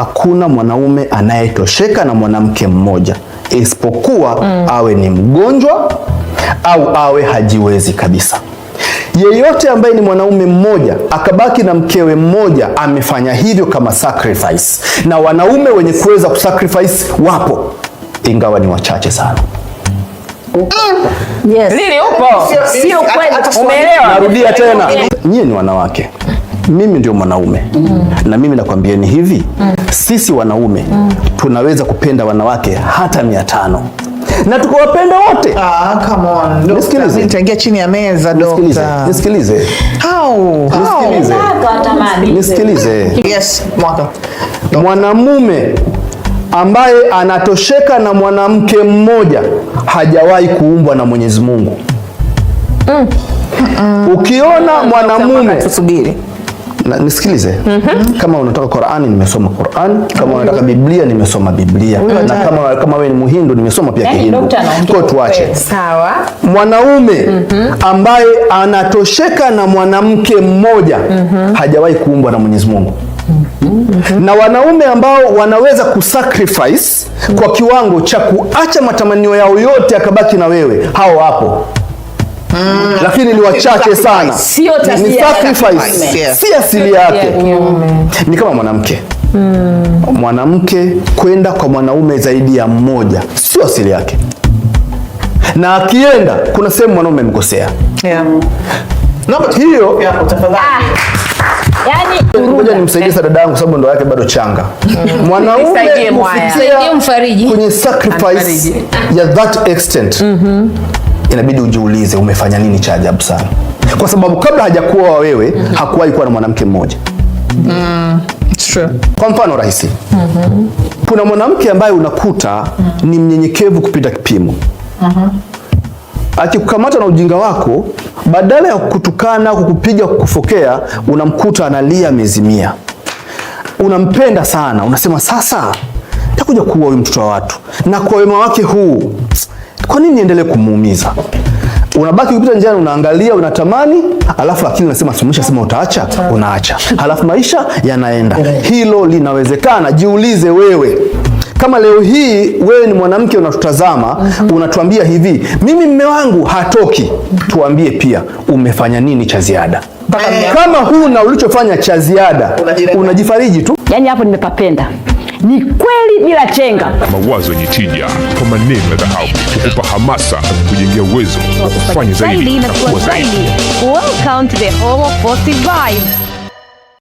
Hakuna mwanaume anayetosheka na mwanamke mmoja isipokuwa mm. awe ni mgonjwa au awe hajiwezi kabisa. Yeyote ambaye ni mwanaume mmoja akabaki na mkewe mmoja amefanya hivyo kama sacrifice, na wanaume wenye kuweza kusacrifice wapo, ingawa ni wachache sana. Mm. Yes. Lili upo. Sio kweli. Umeelewa? Narudia tena. Nyie ni wanawake. Mimi ndio mwanaume. Mm. Na mimi nakwambieni hivi. Mm sisi wanaume mm. tunaweza kupenda wanawake hata mia tano na tukawapenda wote. Ah, come on. Nisikilize. Nitaingia chini ya meza dokta. Nisikilize. How? Nisikilize. Nisikilize. Yes, mwaka. Mwanamume ambaye anatosheka na mwanamke mmoja hajawahi kuumbwa na Mwenyezi Mungu. Mm. Ukiona mwanamume na nisikilize. mm -hmm. Kama unataka Qur'ani, nimesoma Qur'ani. Kama mm -hmm. unataka Biblia, nimesoma Biblia. mm -hmm. Na kama kama wewe ni Muhindu, nimesoma pia yaani Kihindu. Kwa tuache eh, sawa, mwanaume mm -hmm. ambaye anatosheka na mwanamke mmoja mm -hmm. hajawahi kuumbwa na Mwenyezi Mungu. Mm -hmm. Na wanaume ambao wanaweza kusacrifice mm -hmm. kwa mhm. kiwango cha kuacha matamanio yao yote akabaki na wewe, hao hapo Mm. lakini ni wachache sana. Sio sacrifice, si asili yake, ni kama mwanamke mm. Mwanamke kwenda kwa mwanaume zaidi ya mmoja sio asili yake, na akienda kuna sehemu mwanaume amekosea yeah. hiyo moja ah. yaani, nimsaidie sana dada yangu sababu ndoa yake bado changa. Mm. Mwanaume kufikia kwenye sacrifice ya that extent mm -hmm inabidi ujiulize umefanya nini cha ajabu sana, kwa sababu kabla hajakuoa wewe mm -hmm. hakuwahi kuwa na mwanamke mmoja mm, true. Kwa mfano rahisi mm -hmm. kuna mwanamke ambaye unakuta mm -hmm. ni mnyenyekevu kupita kipimo mm -hmm. akikukamata na ujinga wako, badala ya kukutukana, kukupiga, kukufokea, unamkuta analia miezi mia. Unampenda sana, unasema sasa takuja kuua huyu mtoto wa watu na kwa wema wake huu kwa nini niendelee kumuumiza? Unabaki ukipita njiani unaangalia, unatamani, alafu akili unasema sumisha, sema utaacha, unaacha, alafu maisha yanaenda. Hilo linawezekana. Jiulize wewe kama leo hii wewe ni mwanamke unatutazama, mm -hmm. unatuambia hivi, mimi mme wangu hatoki. Tuambie pia umefanya nini cha ziada. Eh. Kama huna ulichofanya cha ziada, unajifariji tu. yani hapo nimepapenda ni kweli bila chenga. Mawazo yenye tija kwa maneno ya dhahabu kukupa hamasa kujengea uwezo wa kufanya zaidi na kuwa zaidi. Welcome to the Hall of Positive Vibes.